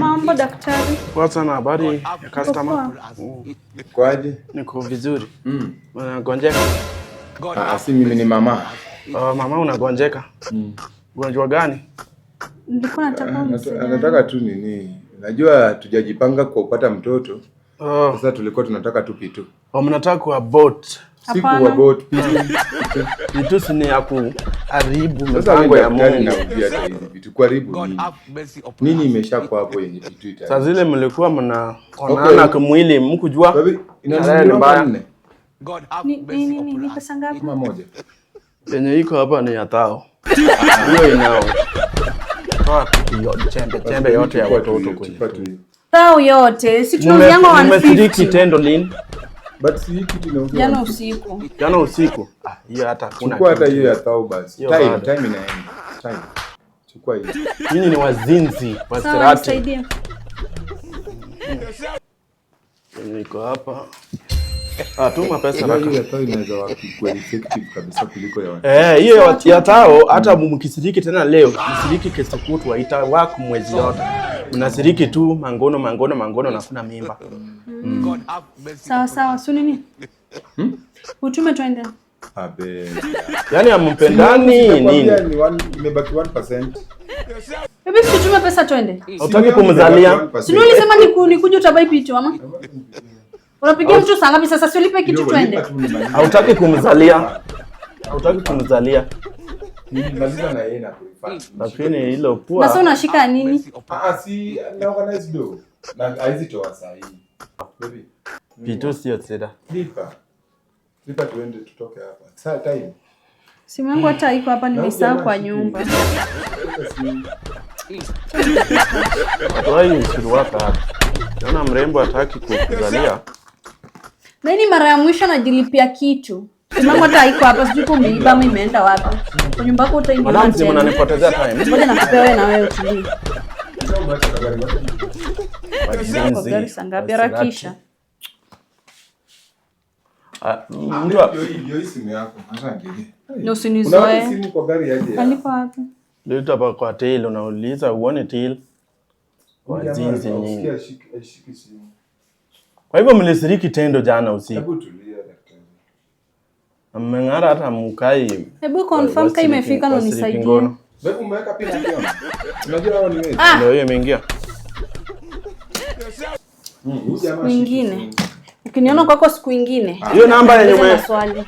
Mambo daktari. Poa sana, habari ya customer? Kwaje? Niko vizuri. Mm. Unagonjeka? Ah, si mimi ni mama. Ah, mama unagonjeka? Mm. Ugonjwa gani? Nilikuwa nataka. Anataka ah, tu nini? Najua tujajipanga kwa kupata mtoto. Oh. Sasa tulikuwa tunataka tu pitu. Oh, mnataka ku abort. Siku abort pitu sini ya kuharibu mpango ya Mungu. Pitu kuharibu nini? Nini imesha kwa hapo yenye pitu ita. Sasa zile mlikuwa mnaonana okay, Kumwili mkujua. Ina nini mbaya? God ni ni ni pesa ngapi? Kama moja. Penye iko hapa ni yatao. tao. Hiyo inao. Toa pitu yote, chembe chembe yote ya watoto kwenye. Hao yote si tunauzianga 150. Nimeshiriki kitendo lini? But si hiki tunaongea. Jana usiku. Jana usiku. Ah, hiyo hata hakuna. Chukua hata hiyo ya tao basi. Time time inaenda. Time. Chukua hiyo. Nyinyi ni wazinzi, wasirati. Nisaidie. Niko hapa. Ah, tuma pesa raka. Hiyo ya tao inaweza wapi kwa effective kabisa kuliko ya watu. Eh, hiyo ya tao hata mkisiriki tena leo, msiriki kesho kutwa, itawaka mwezi yote mnashiriki tu mangono mangono mangono, nafuna mimba mm. sawa sawa, sio nini? Hmm? Utume twende. Yaani ampendani nini? Hebu situme pesa twende. Hutaki kumzalia. Sio ulisema nikuje utabai picha ama? Unapigia mtu saa ngapi sasa, si kitu twende. Hautaki kumzalia. Hautaki kumzalia. Nilimaliza na yeye na kuifanya. Mm. Lakini hilo unashika ah, nini? Ah, ah, si na organize do. Na hizi toa Pito mm. sio Lipa. Lipa tuende tutoke hapa. Saa time. Simu yangu hata iko hapa nimesahau kwa nyumba. mrembo kukuzalia. Nani mara ya mwisho najilipia kitu? Mama iko hapa, sijui ama imeenda wapi. Kwa nyumba yako utaingia. time. Ngoja wewe na wewe gari sangapi harakisha. Ah, kwa unauliza uone Kwa hivyo mlisiriki tendo jana usiku Mmeng'ara hata mkai. Hebu confirm kama imefika na unisaidie. Wewe umeweka pia hiyo. Unajua hao ni wewe. Ah! Ndio hiyo imeingia. Mwingine. Hmm, Ukiniona kwako siku nyingine. Hiyo namba yenye umeweka. Swali.